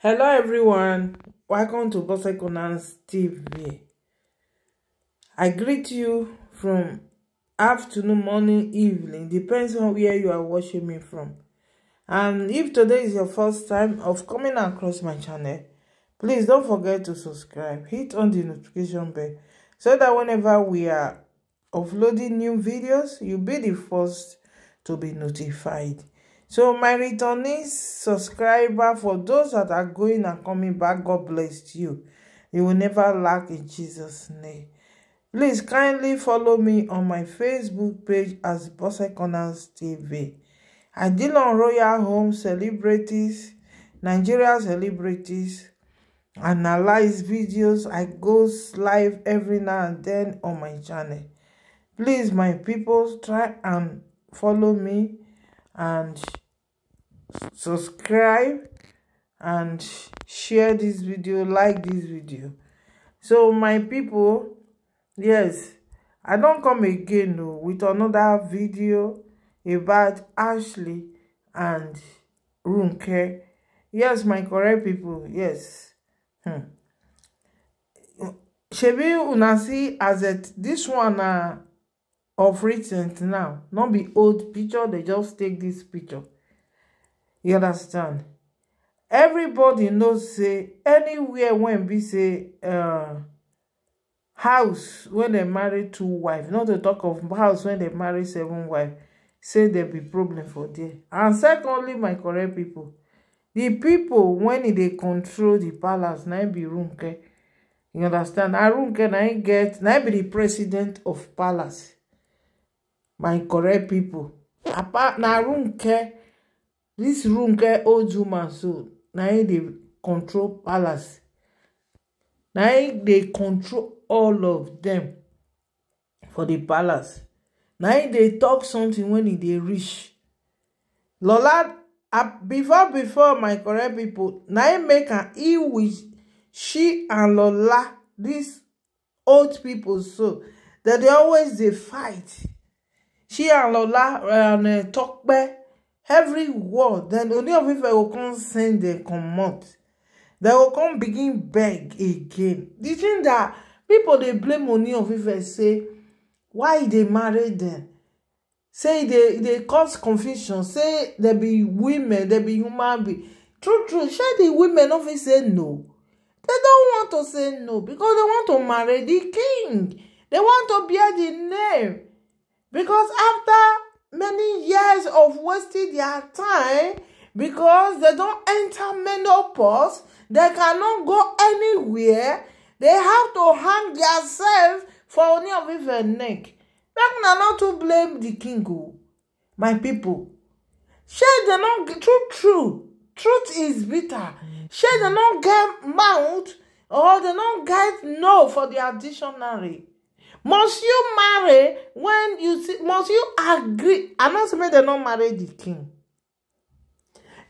hello everyone welcome to Bose Corners TV i greet you from afternoon morning evening depends on where you are watching me from and if today is your first time of coming across my channel please don't forget to subscribe hit on the notification bell so that whenever we are uploading new videos you'll be the first to be notified so my returning subscriber for those that are going and coming back god bless you you will never lack in jesus name please kindly follow me on my facebook page as bose corners tv i deal on royal home celebrities nigeria celebrities analyze videos i go live every now and then on my channel please my people try and follow me and subscribe and share this video like this video so my people yes i don't come again o oh, with another video about ashley and runke yes my correct people yes hmm. shebi una see as at this one na uh, of recent now not be old picture they just take this picture you understand everybody knows. say anywhere when we say uh, house when they marry two wife not to talk of house when they marry seven wife say there be problem for there and secondly my correct people the people when they control the palace now be Ronke you understand na Ronke I get now be the president of palace my correct people. Apart, na runke dis runke old woman so na they control palace na they control all of them, for the palace na they talk something when they dey reach lola ah, before before my correct people. na make am e with she and lola dis old people so that they always they fight she and Lola and uh, Tokpe, everyone, then Ooni of Ife go come send dem comot. They go come begin beg again. The thing that people dey blame Ooni of Ife say, why they marry them? Say they they cause confusion. Say they be women, they be human being. True, true. Shey the women no fit say no. They don't want to say no because they want to marry the king. They want to bear the name. Because after many years of wasting their time, because they don't enter menopause, they cannot go anywhere, they have to hang themselves for only of Ife neck. Make una not to blame the king oh, my people. Shey dem no true true, truth is bitter. Shey dem no get mouth or dem no get no for their dictionary must you marry when you see must you agree i no say make dem no marry the king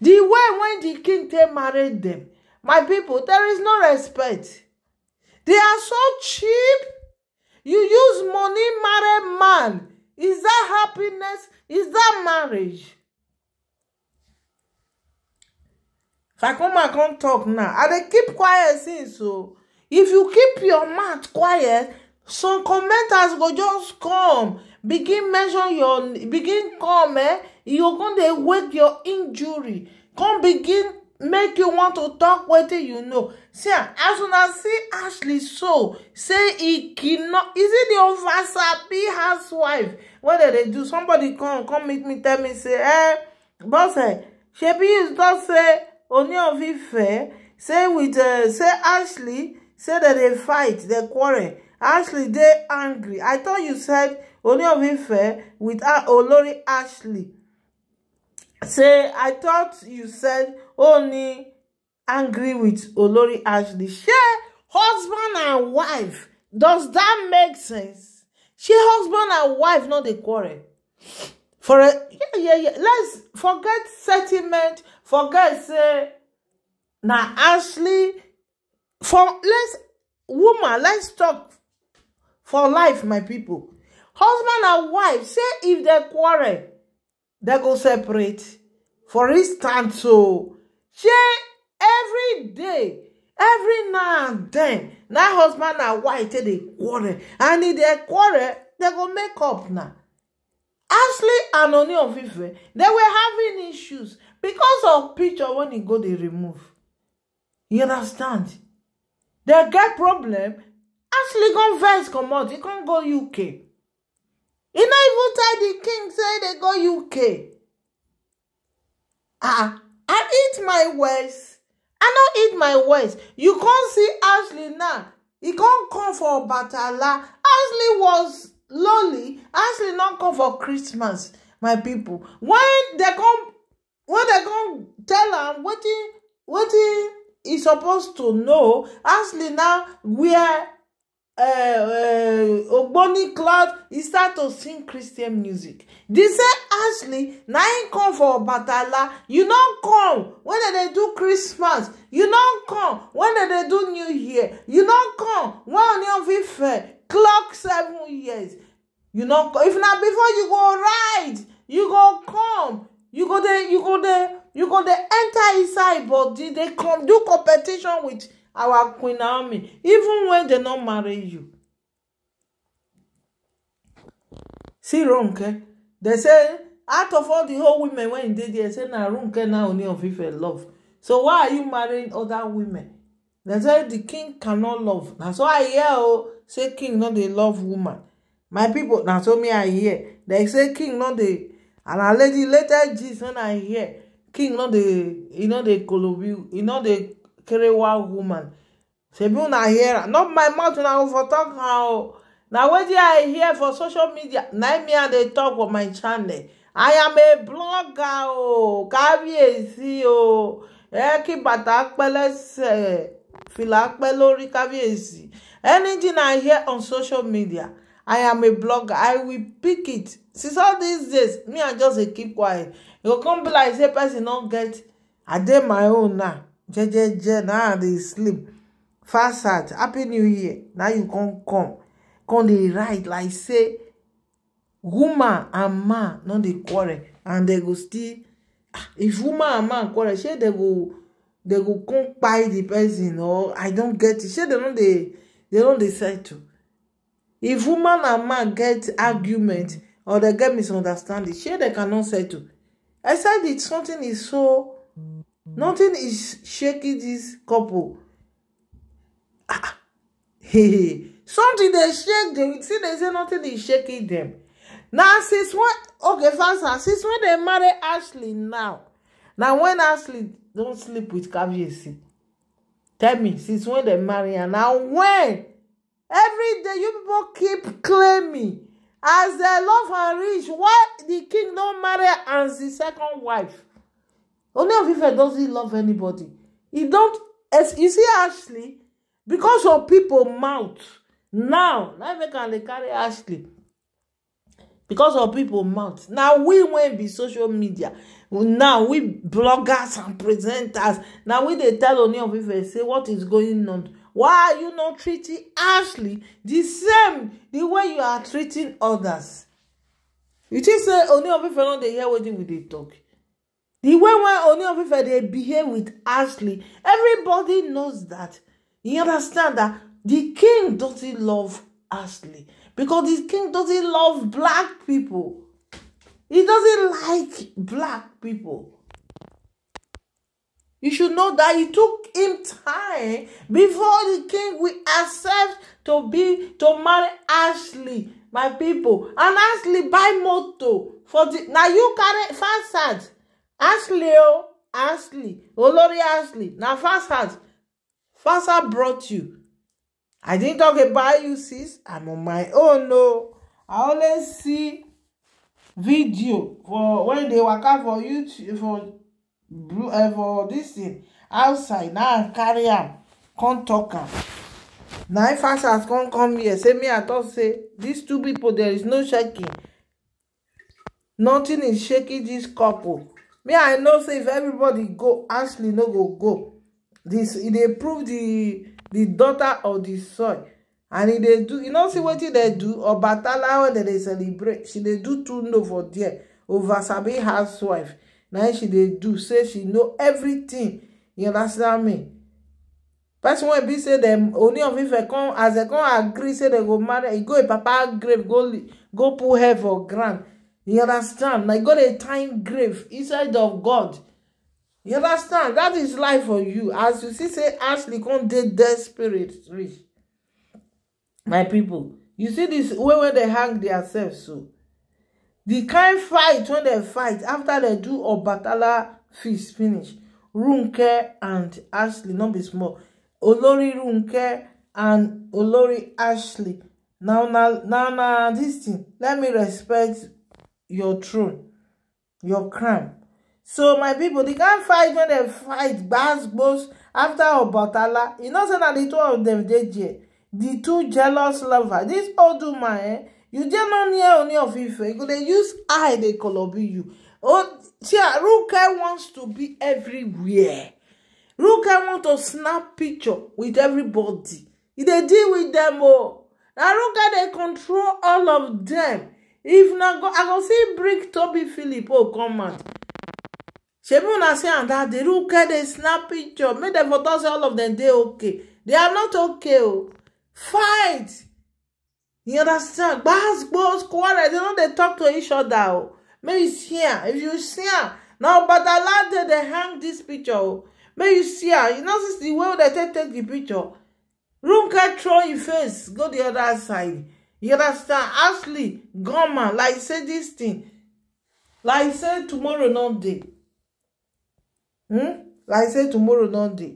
the way when the king take marry dem my people there is no respect they are so cheap you use money marry man is that happiness is that marriage kakoma come talk now i dey keep quiet since o if you keep your mouth quiet some commenters go just come begin measure your begin come eh you go dey wake your injury come begin make you want to talk wetin you know see as una see ashley so say e kidnap is it the ovasabi housewife wey dem dey do somebody come come meet me tell me say eh boss eh shebi you talk say Ooni of Ife say with uh, say ashley say dem dey fight dey quarrel Ashley dey angry. I thought you said Ooni of Ife with Olori Ashley. Say, I thought you said Ooni angry with Olori Ashley. She husband and wife. Does that make sense? She husband and wife not a quarrel. For a yeah, yeah, yeah. Let's forget settlement, forget say now Ashley. For let's woman let's talk for life my people, husband and wife say if they quarrel they go separate for instance o oh, say every day every now and then now husband and wife take dey quarrel and if they quarrel they go make up na ashley and oni of ife dem were having issues because of picture when he go dey remove you understand They get problem ashley come vex comot e go uk e no even tell the king say they go uk ah i eat my words i no eat my words you can't see ashley now He can't come for batala ashley was lonely ashley not come for christmas my people. When they come when they come, tell him what he what he is supposed to know ashley now where uh, ogboni cloud He start to sing christian music di say ashley na im come for obatala you don come when dem dey do christmas you don come when dem dey do new year you don come wen onion fit fair clock seven years you no if na before you go ride you go come you go dey you go dey you go dey enter inside body dey come do competition with our Queen Naomi, even when they not marry you. See Ronke, they say out of all the whole women when they there say na Ronke na only of Ife love. So why are you marrying other women? They say the king cannot love. Na so I hear oh say king no dey love woman. My people, na so me I hear. They say king no dey and a lady later gist when I hear king no dey e no dey kolobi e no dey kerewa woman shebi una hear am not my mouth una go for talk now. Now na wetin i hear for social media na me i dey talk for my channel i am a blogger Oh, o kábíyèsí o ẹ kí bàtà pẹ́ lẹ́sẹ̀ fìlà pẹ́ lórí kábíyèsí anything i hear on social media i am a blogger i will pick it since all these days me i just dey keep quiet You come be like say person no get i did my own now jejeje na Now they sleep fast out happy new year Now you come come come they write like say woman and man no dey quarrel and they go still ah, if woman and man quarrel shey they go they go come kpai the person or i don't get it shey they don't they they don't decide to. if woman and man get argument or they get misunderstanding shey they cannot settle said it's something is so nothing is shaking this couple ah, ah. hey something dey shake dem see They say nothing is shaking them. na since when okay faster since when they marry ashley now na when ashley don sleep with kabiyesi tell me since when they marry am na when every day you people keep claiming as dem love am reach why the king don marry am as the second wife Only of Ife doesn't love anybody. He don't. As you see, Ashley, because of people mouth now, now make can carry Ashley. Because of people mouth. Now we when be social media. Now we bloggers and presenters. Now we they tell Only of Ife say what is going on. Why are you not treating Ashley the same the way you are treating others? You just say Only of Ife no hear what they talk? The way why Oni of Ife they behave with Ashley, everybody knows that. You understand that the king doesn't love Ashley because the king doesn't love black people. He doesn't like black people. You should know that it took him time before the king will accept to be to marry Ashley, my people. And Ashley buy motor for the now you carry facade. Ashley o Ashley Olori Ashley na Fasad Fasad brought you I didn't talk about you sis I'm on my own o I always see video for when they waka for YouTube for blue uh, for this thing outside now I carry am come talk am na if Fasad come come here say me I talk say these two people there is no shaking nothing is shaking this couple me i know say if everybody go ashley no go go this e dey prove the daughter of the soil and if e they do you know see what they do or wey dem they celebrate she they do two no for there over sabi housewife now she they do say she know everything you understand me person when be say dem only of ife come as dem come agree say they go marry e go im papa grave go go put hair for grand you understand na got a time grave inside of god you understand that is life for you as you see say ashley can't dey dead spirits, rich my people you see this way where they hang themselves so the kind fight when they fight after they do obatala feast finish runke and ashley not be small olori runke and olori ashley Now, now, now, now this thing let me respect your throne your crown so my people, they can't fight when they fight after a obatala You know say na di two of them, dey there di two jealous lovers This old man eh you just not near only of ife They use eye They colobi you oh see, ah, Ruka wants to be everywhere Ruka want to snap picture with everybody They deal with them. Oh, now Ruka they control all of them if na go i go see Brick toby philip oh come out shebi una see am that the ruke dey snap picture make dem for talk say all of dem dey okay they are not okay o oh. fight you understand gbas gbos quarrel They no dey talk to each other o oh. make you see am if you see am na ogbadala dey dey hang dis picture o oh. make you see am you know see the way wey dem take take the picture runke throw im face go the other side you understand ashley goma like say this thing like say tomorrow not day. hmm like say tomorrow not day.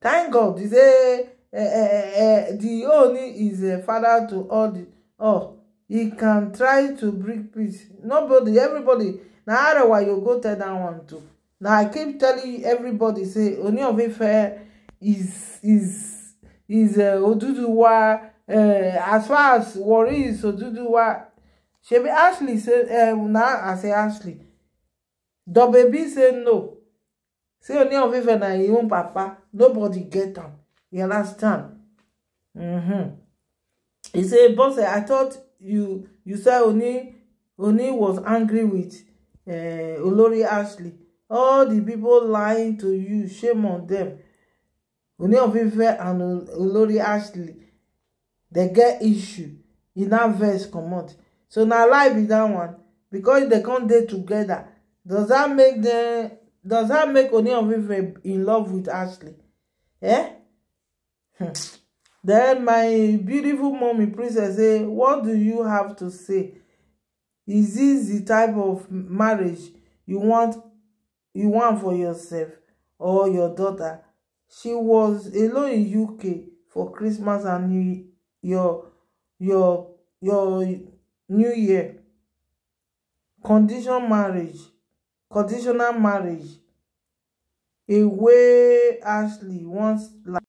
thank god di say eh, eh, eh, the only is a father to all the. Oh, he can try to bring peace nobody everybody Now, na why you go tell that one too Now i keep telling everybody say only of fair is is is oduduwa uh, as far as worry is she be Ashley say um, now I say Ashley The baby say no say only of Ife and your own papa nobody get am you understand mm-hmm. he said, Boss, I thought you you said only only was angry with uh, Olori Ashley all the people lying to you shame on them Only of Ife and Olori Ashley They get issue e na vex comot so now life is that one because they can't date together. does that make them? does that make oni of ife in love with ashley eh hmm. then my beautiful mommy princess say what do you have to say is this the type of marriage you want you want for yourself or your daughter she was alone in uk for christmas and new your your your new year condition marriage conditional marriage a way ashley once like